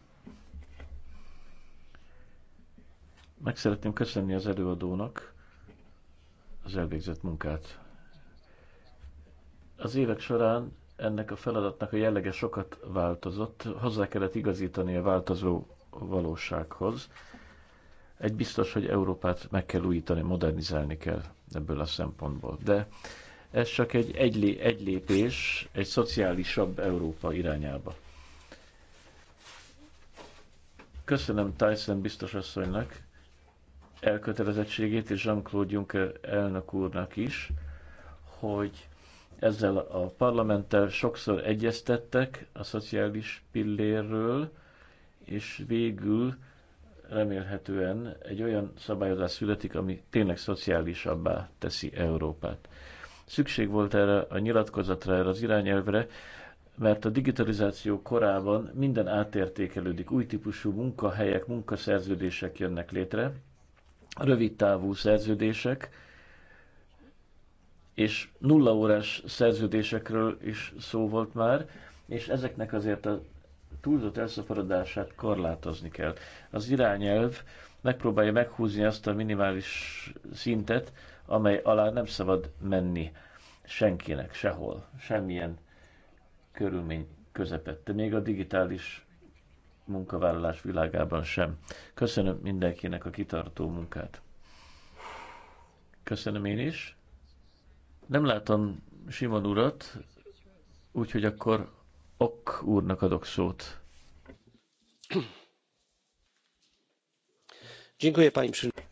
Meg szeretném köszönni az előadónak az elvégzett munkát. Az évek során ennek a feladatnak a jellege sokat változott, hozzá kellett igazítani a változó valósághoz. Egy biztos, hogy Európát meg kell újítani, modernizálni kell ebből a szempontból. De ez csak egy, egy, egy lépés egy szociálisabb Európa irányába. Köszönöm Tyson biztos asszonynak elkötelezettségét, és Jean-Claude Juncker elnök úrnak is, hogy ezzel a parlamenttel sokszor egyeztettek a szociális pillérről, és végül remélhetően egy olyan szabályozás születik, ami tényleg szociálisabbá teszi Európát. Szükség volt erre a nyilatkozatra, erre az irányelvre, mert a digitalizáció korában minden átértékelődik, új típusú munkahelyek, munkaszerződések jönnek létre, rövid távú szerződések, és nulla órás szerződésekről is szó volt már, és ezeknek azért a túlzott elszaporodását korlátozni kell. Az irányelv megpróbálja meghúzni azt a minimális szintet, amely alá nem szabad menni senkinek, sehol, semmilyen körülmény közepette, még a digitális munkavállalás világában sem. Köszönöm mindenkinek a kitartó munkát. Köszönöm én is. Nem látom Simon urat, úgyhogy akkor Ok úrnak adok szót.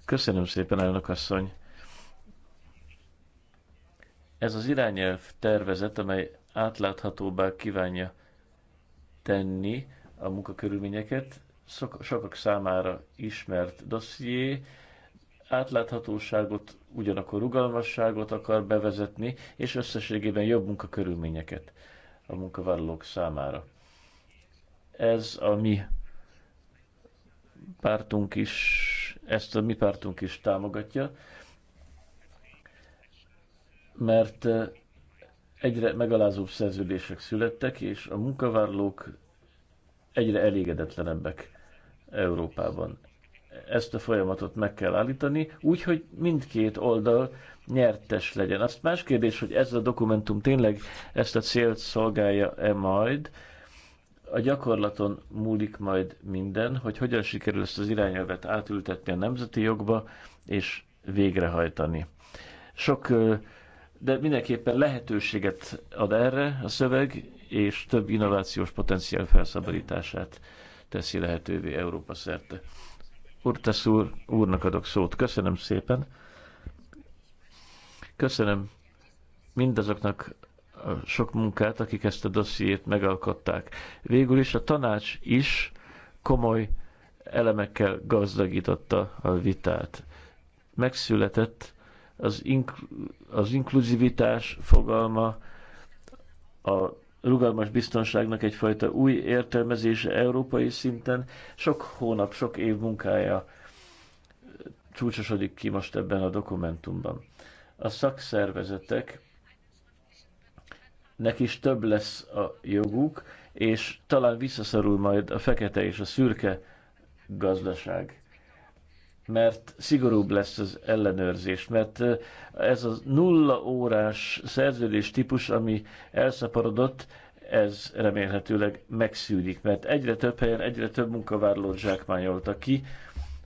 Köszönöm szépen, elnök asszony. Ez az irányelv tervezet, amely átláthatóbbá kívánja tenni a munkakörülményeket. Sok, sokak számára ismert dosszié, átláthatóságot, ugyanakkor rugalmasságot akar bevezetni, és összességében jobb munkakörülményeket a munkavállalók számára. Ez a mi pártunk is, ezt a mi pártunk is támogatja, mert eh, egyre megalázóbb szerződések születtek, és a munkavállalók egyre elégedetlenebbek Európában. Ezt a folyamatot meg kell állítani, úgy, hogy mindkét oldal nyertes legyen. Azt más kérdés, hogy ez a dokumentum tényleg ezt a célt szolgálja-e majd, a gyakorlaton múlik majd minden, hogy hogyan sikerül ezt az irányelvet átültetni a nemzeti jogba és végrehajtani. Sok, de mindenképpen lehetőséget ad erre a szöveg, és több innovációs potenciál felszabadítását teszi lehetővé Európa szerte. Urtesz úr, úrnak adok szót. Köszönöm szépen. Köszönöm mindazoknak a sok munkát, akik ezt a dossziét megalkották. Végül is a tanács is komoly elemekkel gazdagította a vitát. Megszületett az, inkl- az inkluzivitás fogalma, a rugalmas biztonságnak egyfajta új értelmezése európai szinten. Sok hónap, sok év munkája csúcsosodik ki most ebben a dokumentumban. A szakszervezetek neki is több lesz a joguk, és talán visszaszorul majd a fekete és a szürke gazdaság mert szigorúbb lesz az ellenőrzés, mert ez a nulla órás szerződés típus, ami elszaporodott, ez remélhetőleg megszűnik, mert egyre több helyen egyre több munkavállalót zsákmányolta ki,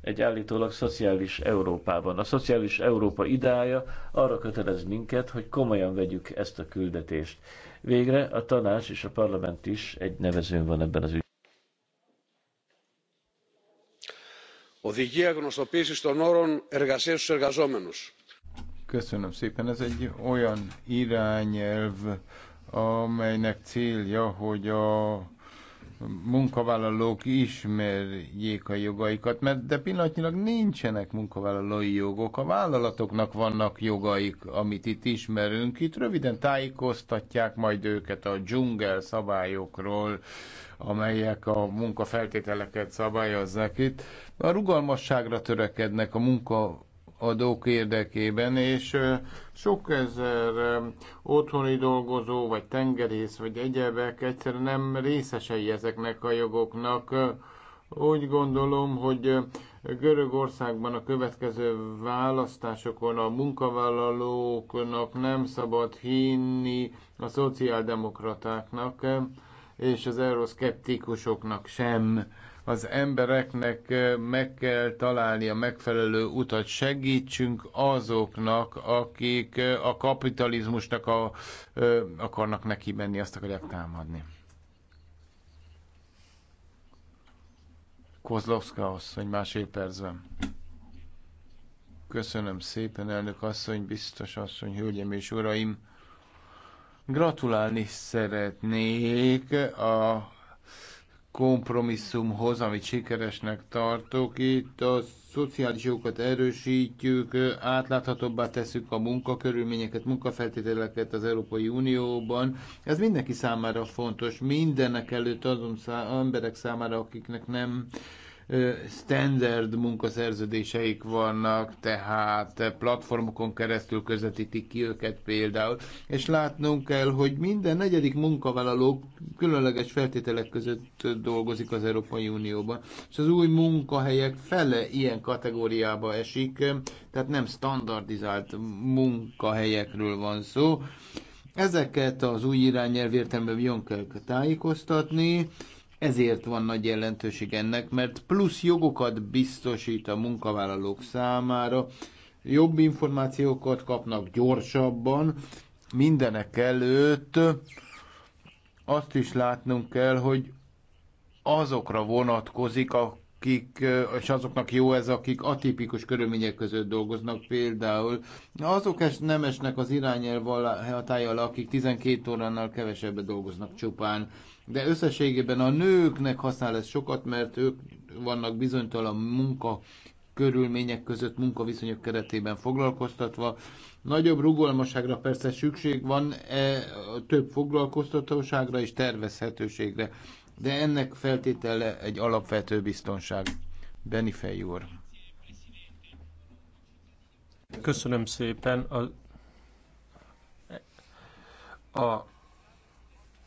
egy állítólag szociális Európában. A szociális Európa idája arra kötelez minket, hogy komolyan vegyük ezt a küldetést. Végre a tanács és a parlament is egy nevezőn van ebben az ügyben. οδηγία γνωστοποίησης των όρων εργασίας στους Köszönöm szépen. Ez egy olyan irányelv, amelynek célja, hogy a munkavállalók ismerjék a jogaikat, mert de pillanatnyilag nincsenek munkavállalói jogok. A vállalatoknak vannak jogaik, amit itt ismerünk. Itt röviden tájékoztatják majd őket a dzsungel szabályokról, amelyek a munkafeltételeket szabályoznak itt. A rugalmasságra törekednek a munkaadók érdekében, és sok ezer otthoni dolgozó, vagy tengerész, vagy egyebek egyszerűen nem részesei ezeknek a jogoknak. Úgy gondolom, hogy Görögországban a következő választásokon a munkavállalóknak nem szabad hinni a szociáldemokratáknak és az euroszkeptikusoknak sem. Az embereknek meg kell találni a megfelelő utat. Segítsünk azoknak, akik a kapitalizmusnak a, akarnak neki menni, azt akarják támadni. Kozlovska asszony másfél percben. Köszönöm szépen, elnök asszony, biztos asszony, hölgyem és uraim! Gratulálni szeretnék a kompromisszumhoz, amit sikeresnek tartok. Itt a szociális jogokat erősítjük, átláthatóbbá tesszük a munkakörülményeket, munkafeltételeket az Európai Unióban. Ez mindenki számára fontos, mindenek előtt azon szá- emberek számára, akiknek nem uh, standard munkaszerződéseik vannak, tehát platformokon keresztül közvetítik ki őket például, és látnunk kell, hogy minden negyedik munkavállaló különleges feltételek között dolgozik az Európai Unióban, és az új munkahelyek fele ilyen kategóriába esik, tehát nem standardizált munkahelyekről van szó. Ezeket az új irányelv értelmében jön kell tájékoztatni, ezért van nagy jelentőség ennek, mert plusz jogokat biztosít a munkavállalók számára, jobb információkat kapnak gyorsabban, mindenek előtt azt is látnunk kell, hogy azokra vonatkozik a akik, és azoknak jó ez, akik atipikus körülmények között dolgoznak például. Azok es, nem esnek az irányelv hatája akik 12 óránál kevesebbet dolgoznak csupán. De összességében a nőknek használ ez sokat, mert ők vannak bizonytalan munka körülmények között, munkaviszonyok keretében foglalkoztatva. Nagyobb rugalmaságra persze szükség van, e, több foglalkoztatóságra és tervezhetőségre de ennek feltétele egy alapvető biztonság. Benifej Fejúr. Köszönöm szépen. A, a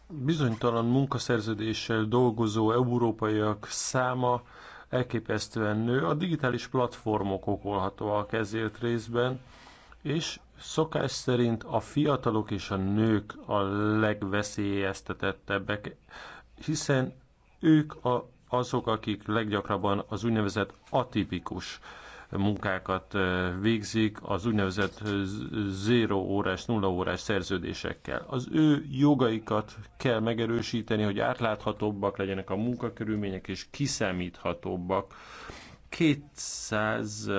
bizonytalan munkaszerződéssel dolgozó európaiak száma elképesztően nő. A digitális platformok okolhatóak ezért részben, és szokás szerint a fiatalok és a nők a legveszélyeztetettebbek hiszen ők a, azok, akik leggyakrabban az úgynevezett atipikus munkákat végzik az úgynevezett zéro órás, nulla órás szerződésekkel. Az ő jogaikat kell megerősíteni, hogy átláthatóbbak legyenek a munkakörülmények és kiszámíthatóbbak. 200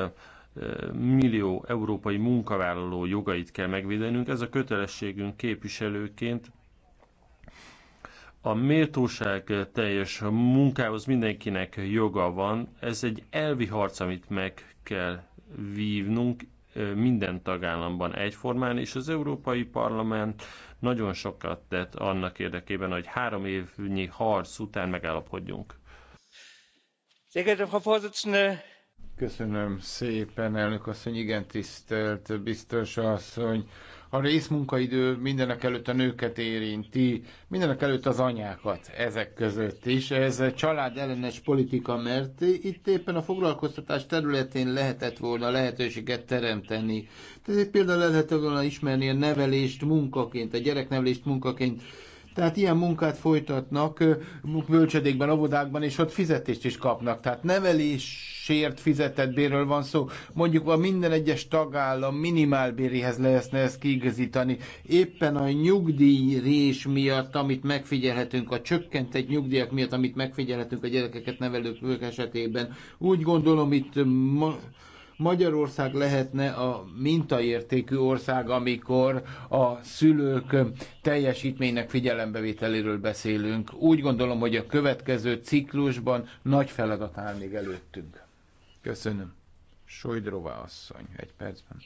millió európai munkavállaló jogait kell megvédenünk, ez a kötelességünk képviselőként, a méltóság teljes munkához mindenkinek joga van. Ez egy elvi harc, amit meg kell vívnunk minden tagállamban egyformán, és az Európai Parlament nagyon sokat tett annak érdekében, hogy három évnyi harc után megállapodjunk. Köszönöm szépen, elnök asszony, igen tisztelt biztos asszony. A részmunkaidő mindenek előtt a nőket érinti, mindenek előtt az anyákat ezek között is. Ez család ellenes politika, mert itt éppen a foglalkoztatás területén lehetett volna lehetőséget teremteni. Tehát például lehetett volna ismerni a nevelést munkaként, a gyereknevelést munkaként, tehát ilyen munkát folytatnak bölcsödékben, óvodákban, és ott fizetést is kapnak. Tehát nevelésért fizetett bérről van szó. Mondjuk a minden egyes tagállam minimálbérihez lehetne ezt kiigazítani. Éppen a nyugdíj rés miatt, amit megfigyelhetünk, a csökkentett nyugdíjak miatt, amit megfigyelhetünk a gyerekeket nevelők esetében. Úgy gondolom, itt ma Magyarország lehetne a mintaértékű ország, amikor a szülők teljesítménynek figyelembevételéről beszélünk. Úgy gondolom, hogy a következő ciklusban nagy feladat áll még előttünk. Köszönöm. Sojdrova asszony, egy percben.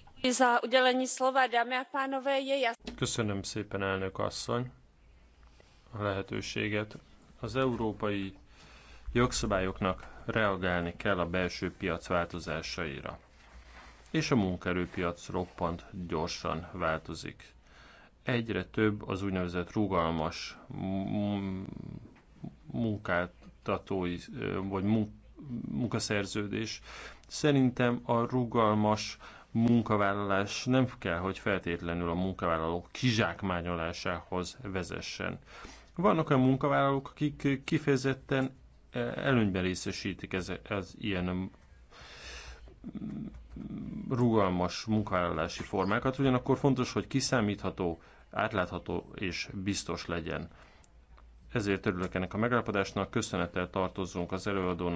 Köszönöm szépen, elnök asszony, a lehetőséget. Az európai jogszabályoknak reagálni kell a belső piac változásaira. És a munkaerőpiac roppant gyorsan változik. Egyre több az úgynevezett rugalmas munkáltatói vagy munkaszerződés. Szerintem a rugalmas munkavállalás nem kell, hogy feltétlenül a munkavállalók kizsákmányolásához vezessen. Vannak olyan munkavállalók, akik kifejezetten előnyben részesítik ez, ez ilyen um, rugalmas munkavállalási formákat, ugyanakkor fontos, hogy kiszámítható, átlátható és biztos legyen. Ezért örülök ennek a megállapodásnak, köszönettel tartozunk az előadónak,